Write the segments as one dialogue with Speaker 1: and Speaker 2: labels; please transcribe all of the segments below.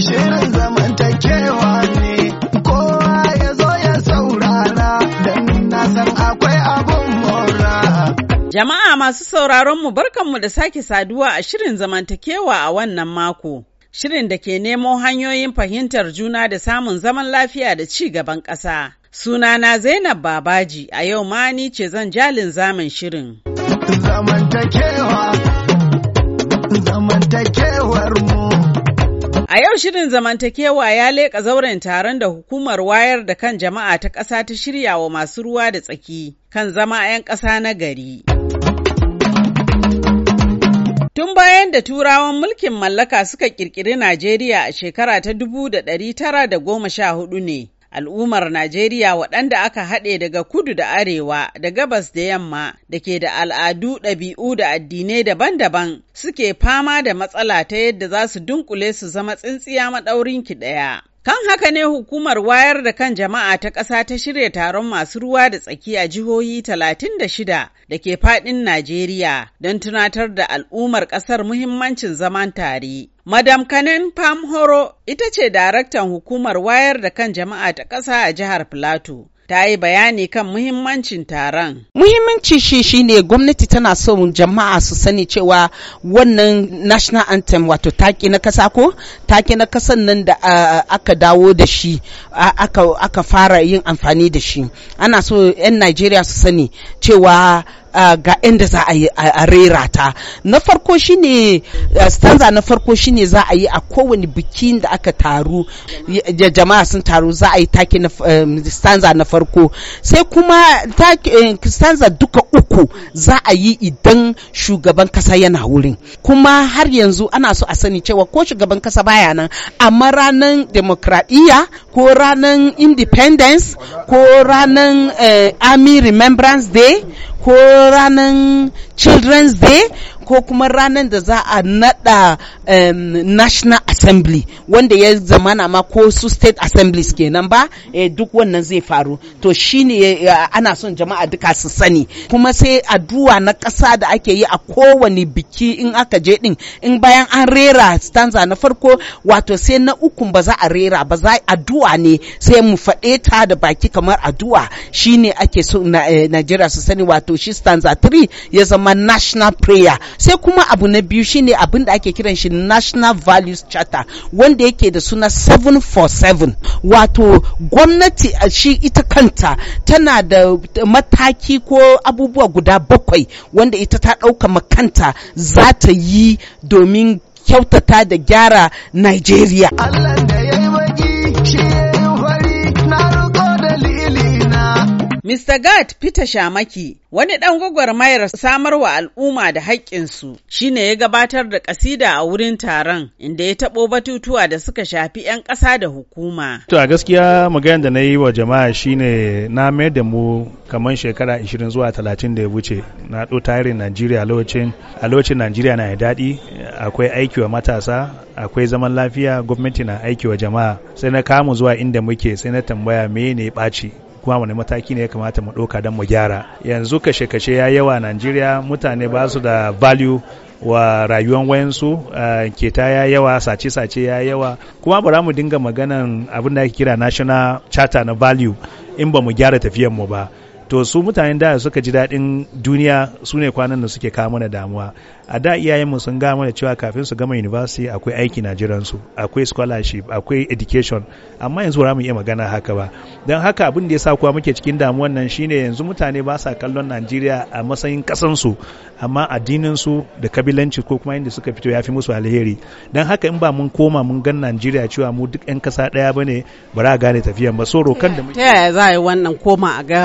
Speaker 1: Shirin zamantakewa ne kowa ya ya saurara don akwai abun mora.
Speaker 2: Jama'a masu sauraron mu barkanmu da sake saduwa a shirin zamantakewa a wannan mako. Shirin da ke nemo hanyoyin fahimtar juna da samun zaman lafiya da ci gaban ƙasa. Sunana Zainab Babaji a yau ma ni ce zan jalin zamin shirin.
Speaker 1: Zamantakewa, zamantakewar mu.
Speaker 2: A yau shirin zamantakewa ya leƙa zauren taron da hukumar wayar da kan jama'a ta ƙasa ta shirya wa masu ruwa da tsaki kan zama 'yan ƙasa na gari. Tun bayan da turawan mulkin mallaka suka ƙirƙiri Najeriya a shekara ta 1914 ne. Al'ummar Najeriya waɗanda aka haɗe daga kudu da arewa da gabas da yamma da ke da al'adu ɗabi'u da addinai daban-daban suke fama da matsala ta yadda za su dunkule su zama tsintsiya maɗaurinki ɗaya. Kan haka ne hukumar wayar da kan jama'a ta ƙasa ta shirya taron masu ruwa da tsaki a jihohi shida. da ke faɗin Najeriya don tunatar da al'ummar ƙasar muhimmancin zaman tare. Madam Kanin Pam Horo ita ce daraktan hukumar wayar da kan jama'a ta ƙasa a jihar Filato, ta yi bayani kan muhimmancin taron.
Speaker 3: Muhimmanci shi shine gwamnati tana so jama'a su sani cewa wannan national anthem wato taki na kasa ko taki na kasan nan da aka dawo da shi aka fara yin amfani da shi. Ana so 'yan Najeriya su sani cewa ga inda za a yi a rera ta na farko shine stanza na farko shine za a yi a kowane biki da aka taru jama'a sun taru za a yi take na stanza na farko sai kuma stanza duka uku za a yi idan shugaban kasa yana wurin kuma har yanzu ana so a sani cewa ko shugaban kasa baya nan amma ranar demokradiyya ko ranar independence ko ranar eh, army remembrance day ko ranan children's day ko kuma ranar da za a nada national assembly wanda ya zamana ma ko su state assemblies kenan ba eh, duk wannan zai faru to shine eh, ana son jama'a duka su sani kuma sai addu'a na ƙasa da ake yi a kowane biki in aka je din in bayan an rera stanza na farko wato sai na uku ba za a rera ba za addu'a ne sai mu faɗe ta da baki kamar addu'a shine ake so na eh, Najeriya su sani wato shi stanza 3 ya zama national prayer sai kuma abu na biyu shine abin da ake kiran shi national values charter wanda yake da suna 747 wato gwamnati a shi ita kanta tana da mataki ko abubuwa guda bakwai wanda ita ta ɗauka makanta za ta yi domin kyautata da gyara Nigeria.
Speaker 1: Allah
Speaker 2: Mr. Gad Peter Shamaki, wani ɗan gwagwarmayar samar wa al'umma da haƙƙinsu, shi ne ya gabatar da ƙasida a wurin taron, inda ya taɓo batutuwa da suka shafi 'yan ƙasa da hukuma.
Speaker 4: To a gaskiya maganar da na yi wa jama'a shi ne na mayar da mu kamar shekara 20 zuwa 30 da ya wuce. Na ɗo tarin Najeriya a lokacin Najeriya na da daɗi, akwai aiki wa matasa, akwai zaman lafiya, gwamnati na aiki wa jama'a. Sai na kamu zuwa inda muke, sai na tambaya me ne ɓaci. kuma wani mataki ne ya kamata mu ɗauka don mu gyara yanzu kashe-kashe ya yawa a najeriya mutane ba su da value wa rayuwar wayansu uh, keta ya yawa sace-sace ya yawa kuma ba mu dinga maganan abin da ake kira national charter na value in ba mu gyara tafiyan mu ba to su mutanen da suka ji daɗin duniya su ne kwanan da suke kawo mana damuwa a da iyayenmu sun gama mana cewa kafin su gama university akwai aiki na jiransu akwai scholarship akwai education amma yanzu ba mu iya magana haka ba don haka abin da ya sa kuwa muke cikin damuwan nan shine yanzu mutane ba sa kallon najeriya a matsayin kasansu amma addininsu da kabilanci ko kuma inda suka fito ya fi musu alheri don haka in ba mun koma mun gan najeriya cewa mu duk 'yan kasa ɗaya ba ne ba za a gane tafiyan ba so rokan da muke
Speaker 2: ta yaya za a yi wannan koma a ga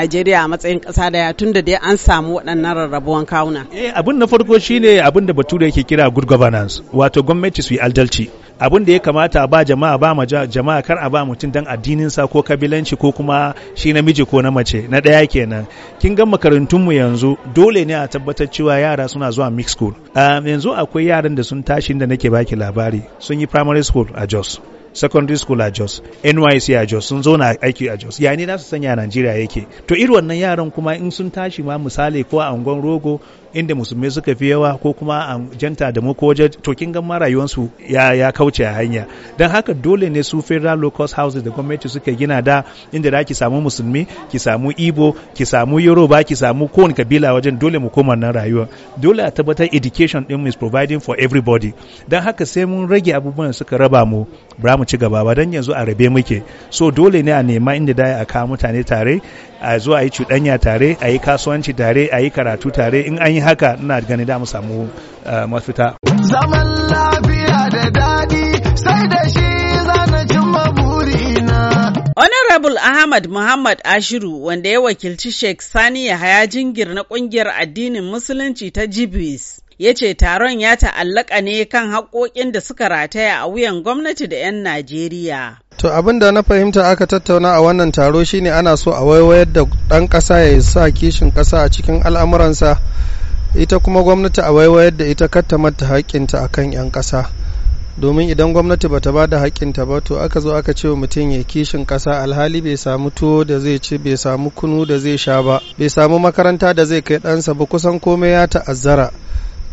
Speaker 2: Najeriya a matsayin ƙasa daya tun da dai an samu waɗannan rarrabuwan kawuna?
Speaker 4: Eh abin na farko shine abin da Bature yake kira good governance wato gwamnati su yi adalci. abin da ya kamata a ba jama'a ba ma jama'a kar a ba mutum dan addininsa ko kabilanci ko kuma shi namiji ko na mace na ɗaya kenan kin ga makarantunmu yanzu dole ne a tabbatar cewa yara suna zuwa mix school yanzu akwai yaran da sun tashi da nake baki labari sun yi primary school a Jos secondary school a Jos, NYC a Jos sun zo na aiki a Jos. Ya ne za su sanya Najeriya yake. To irin wannan yaran kuma in sun tashi ma misali ko a angon rogo inda musulmi suka fi yawa ko kuma a janta da mu ko waje to kin ga rayuwarsu ya kauce a hanya dan haka dole ne su federal low cost houses da gwamnati suka gina da inda da ki samu musulmi ki samu ibo ki samu yoruba ki samu kowane kabila wajen dole mu koma nan rayuwa dole a tabbatar education din is providing for everybody dan haka sai mun rage abubuwan suka raba mu ba mu ci gaba ba dan yanzu a rabe muke so dole ne a nema inda da a kawo mutane tare a zo a yi cuɗanya tare a yi kasuwanci tare a yi karatu tare in an yi haka ina gani da mu samu eh, mafita
Speaker 1: zaman lafiya da daɗi sai da shi zana cimma burina
Speaker 4: Honorable Ahmad Muhammad
Speaker 2: Ashiru wanda ya wakilci Sheikh Sani Yahaya Jingir na ƙungiyar addinin Musulunci ta Jibis ya ce taron ya ta'allaka ne kan haƙoƙin da suka rataya a wuyan gwamnati da 'yan Najeriya.
Speaker 1: To abin da na fahimta aka tattauna a wannan taro shine ana so a waiwayar da ɗan ƙasa ya sa kishin ƙasa a cikin al'amuransa ita kuma gwamnati a waiwayar da ita katta mata haƙƙinta a kan 'yan ƙasa domin idan gwamnati ba ta ba da haƙƙinta ba to aka zo aka ce wa mutum ya kishin ƙasa alhali bai samu tuwo da zai ci bai samu kunu da zai sha ba bai samu makaranta da zai kai ɗansa ba kusan komai ya ta'azzara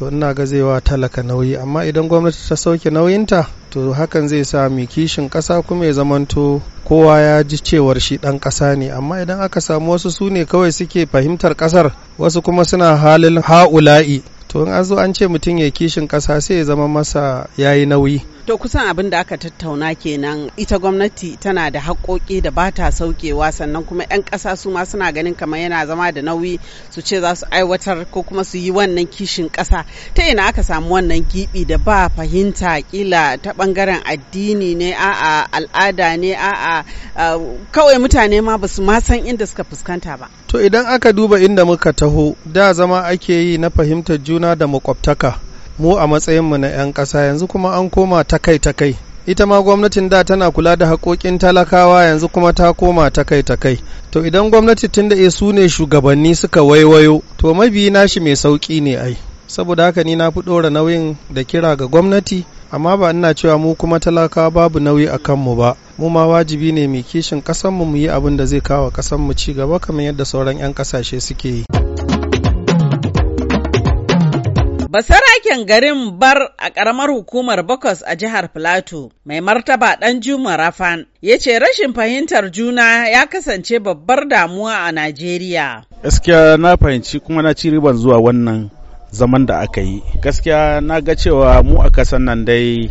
Speaker 1: to ina ga zai wa talaka nauyi amma idan gwamnati ta sauke nauyinta to hakan zai sa mai kishin ƙasa kuma ya zamanto kowa ya ji cewar shi ɗan ƙasa ne amma idan aka samu wasu su ne kawai suke fahimtar ƙasar wasu kuma suna halin ha'ula'i to in an zo an ce mutum ya kishin ƙasa sai ya zama masa yayi nauyi
Speaker 2: To kusan abin da aka tattauna kenan ita gwamnati tana da haƙoƙi da ba ta saukewa sannan kuma 'yan ƙasa su ma suna ganin kamar yana zama da nauyi su ce za su aiwatar ko kuma su yi wannan kishin ƙasa. Ta ina aka samu wannan gibi da ba fahimta kila ta ɓangaren addini ne a'a al'ada ne a'a kawai mutane ma ba su ma san inda suka fuskanta ba.
Speaker 1: To idan aka duba inda muka taho da zama ake yi na fahimtar juna da makwabtaka. mu a matsayinmu na 'yan ƙasa yanzu kuma an koma ta kai ta kai ita ma gwamnatin da tana kula da haƙoƙin talakawa yanzu kuma ta koma ta kai ta kai to idan gwamnati tun da eh, su ne shugabanni suka waiwayo to mabiyi nashi mai sauƙi ne ai saboda haka ni na fi ɗora nauyin da kira ga gwamnati amma ba ina cewa mu kuma talakawa babu nauyi a kanmu ba mu ma wajibi ne mai kishin ƙasanmu mu yi abin da zai kawo ƙasanmu ci gaba kamar yadda sauran 'yan ƙasashe suke yi
Speaker 2: Basaraken garin Bar a karamar hukumar Bokos a jihar Filato, mai martaba dan Juma Rafan, ya ce rashin fahimtar juna ya kasance babbar damuwa a Najeriya.
Speaker 5: Gaskiya na fahimci kuma na ci riban zuwa wannan zaman da aka yi. Gaskiya na ga cewa mu a kasan nan dai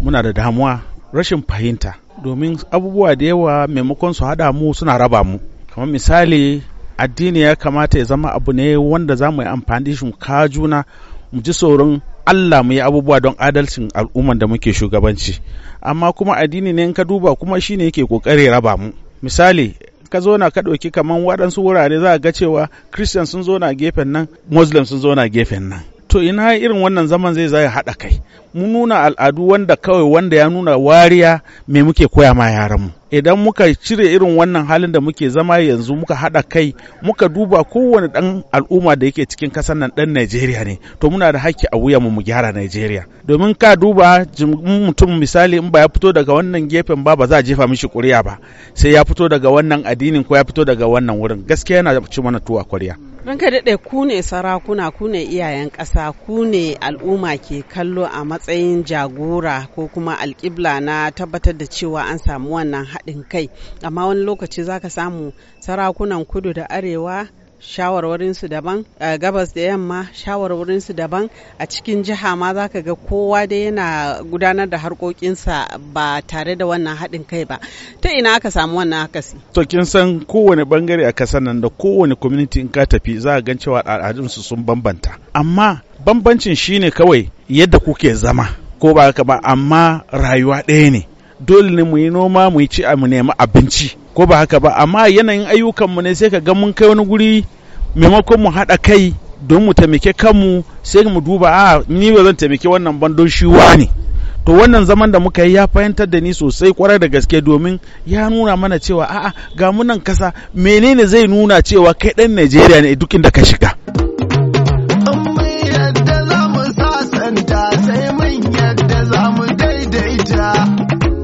Speaker 5: muna da damuwa rashin fahimta. Domin abubuwa da yawa maimakon su hada mu suna raba mu. Kamar misali addini ya kamata ya zama abu ne wanda za mu yi amfani da shi mu kawo juna mu ji tsoron Allah mu yi abubuwa don adalcin al'umman da muke shugabanci amma kuma addini ne in ka duba kuma shine yake kokari raba mu misali ka zo na ka ɗauki kaman waɗansu wurare za ga cewa christian sun zo na gefen nan muslim sun zo na gefen nan to ina irin wannan zaman zai zai haɗa kai mu nuna al'adu wanda kawai wanda ya nuna wariya me muke koya ma yaranmu idan muka cire irin wannan halin da muke zama yanzu muka haɗa kai muka duba kowane ɗan al'umma da yake cikin ƙasar nan ɗan Najeriya ne to muna da haƙƙi a wuya mu mu gyara Najeriya domin ka duba mutum misali in ba ya fito daga wannan gefen ba ba za a jefa mishi kuri'a ba sai ya fito daga wannan addinin ko ya fito daga wannan wurin gaskiya yana ci mana tuwa ƙuri'a
Speaker 2: Ranka daɗe ku ne sarakuna ku ne iyayen ƙasa ku ne al'umma ke kallo a matsayin jagora ko kuma alƙibla na tabbatar da cewa an samu wannan haɗin kai. Amma wani lokaci za ka samu sarakunan kudu da arewa shawarwarinsu daban a gabas da yamma shawarwarinsu daban a cikin jiha ma za ka ga kowa da yana gudanar da harkokinsa ba tare da wannan haɗin kai ba ta ina aka samu wannan akasi
Speaker 5: to kin san kowane bangare a kasan nan da kowane community in ka tafi za a gan cewa al'adunsu sun bambanta amma bambancin shine kawai yadda kuke zama ko ba haka ba amma rayuwa ɗaya ne dole ne mu yi noma mu yi ci mu nemi abinci ko ba haka ba amma yanayin ayyukanmu ne sai ka ga mun kai wani guri maimakon mu haɗa kai don mu taimake kanmu sai mu duba a ah, ni ba zan taimake wannan bandon don shi ne to wannan zaman da muka yi ya fahimtar da ni sosai kwarai da gaske domin ya nuna mana cewa a'a ga munan kasa menene zai nuna cewa kai ɗan Najeriya ne duk inda ka shiga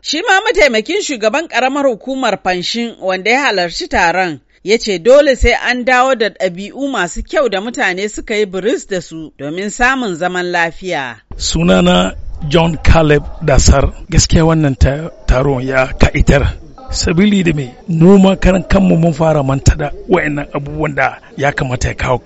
Speaker 2: Shi ma mataimakin shugaban ƙaramar hukumar fanshin wanda ya halarci taron ya ce dole sai an dawo da ɗabi'u masu kyau da mutane suka yi biris da su domin samun zaman lafiya.
Speaker 6: Sunana John Caleb Dasar gaskiya wannan taron ya ka'itar sabili da mai noma karan kanmu mun fara manta da wa'annan abubuwan da ya kamata ya kawo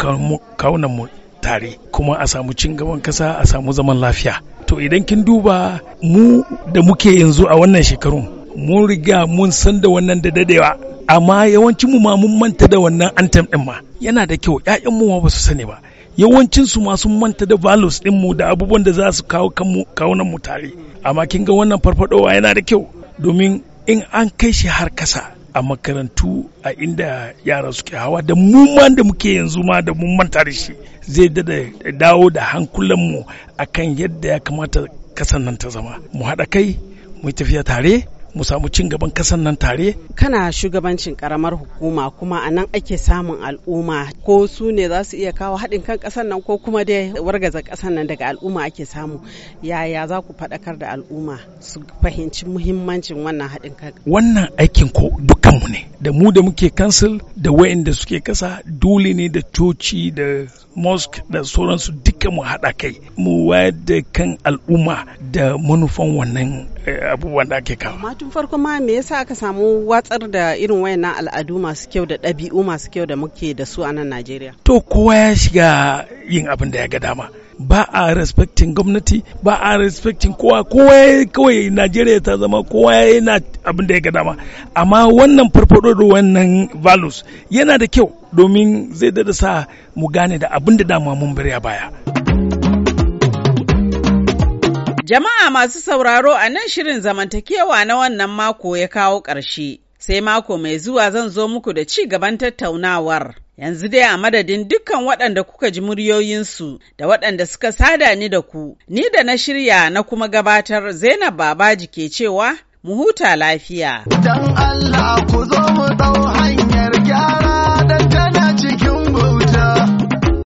Speaker 6: kawunan mu tare kuma a samu cin gaban kasa a samu zaman lafiya to idan kin duba mu da muke yanzu a wannan shekarun mun riga mun san da wannan da dadewa amma yawancin mu ma mun manta da wannan antem din ma yana da kyau ƴaƴan mu ma ba su sani ba yawancin su ma sun manta da values din mu da abubuwan da za su kawo kanmu kawunan mu tare amma kin ga wannan farfadowa yana da kyau domin in an kai shi har kasa a makarantu a inda yara suke hawa da mu da muke yanzu ma da mun manta shi zai dada dawo da hankulanmu kan yadda ya kamata kasan nan ta zama mu haɗa kai mu tafiya tare mu samu cin gaban kasan nan tare
Speaker 2: kana shugabancin karamar hukuma kuma a nan ake samun al'umma ko su ne za su iya kawo haɗin kan kasan nan ko kuma dai wargaza kasan nan daga al'umma ake samu yaya za ku faɗakar da al'umma su fahimci muhimmancin wannan haɗin kan
Speaker 6: wannan aikin ko dukkanmu ne da mu da muke kansil da wayanda suke kasa dole ne da coci da mosque da sauransu duka mu haɗa kai mu wayar da kan al'umma da manufan wannan eh, abubuwan da ake kawo.
Speaker 2: tun farko ma me yasa aka samu watsar da irin wayannan al'adu masu kyau da ɗabi'u masu kyau da muke da su a nan Najeriya?
Speaker 6: To kowa ya shiga yin abin da ya ga dama. Ba a respectin gwamnati, ba a respectin kowa, kowa kawai Najeriya ta zama kowa yana abin da ya ga dama. Amma wannan farfado da wannan values yana da kyau domin zai dada sa mu gane da abin da dama mun bari a baya. Jama'a masu sauraro a nan shirin
Speaker 2: zamantakewa na wannan mako ya kawo ƙarshe. Sai mako mai zuwa zan zo muku da ci gaban tattaunawar. Yanzu dai a madadin dukkan waɗanda kuka ji muryoyinsu da waɗanda suka sada ni da ku, ni da na shirya na kuma gabatar Zainab Babaji ke cewa mu huta lafiya.
Speaker 1: Don Allah ku zo mu hanyar gyara.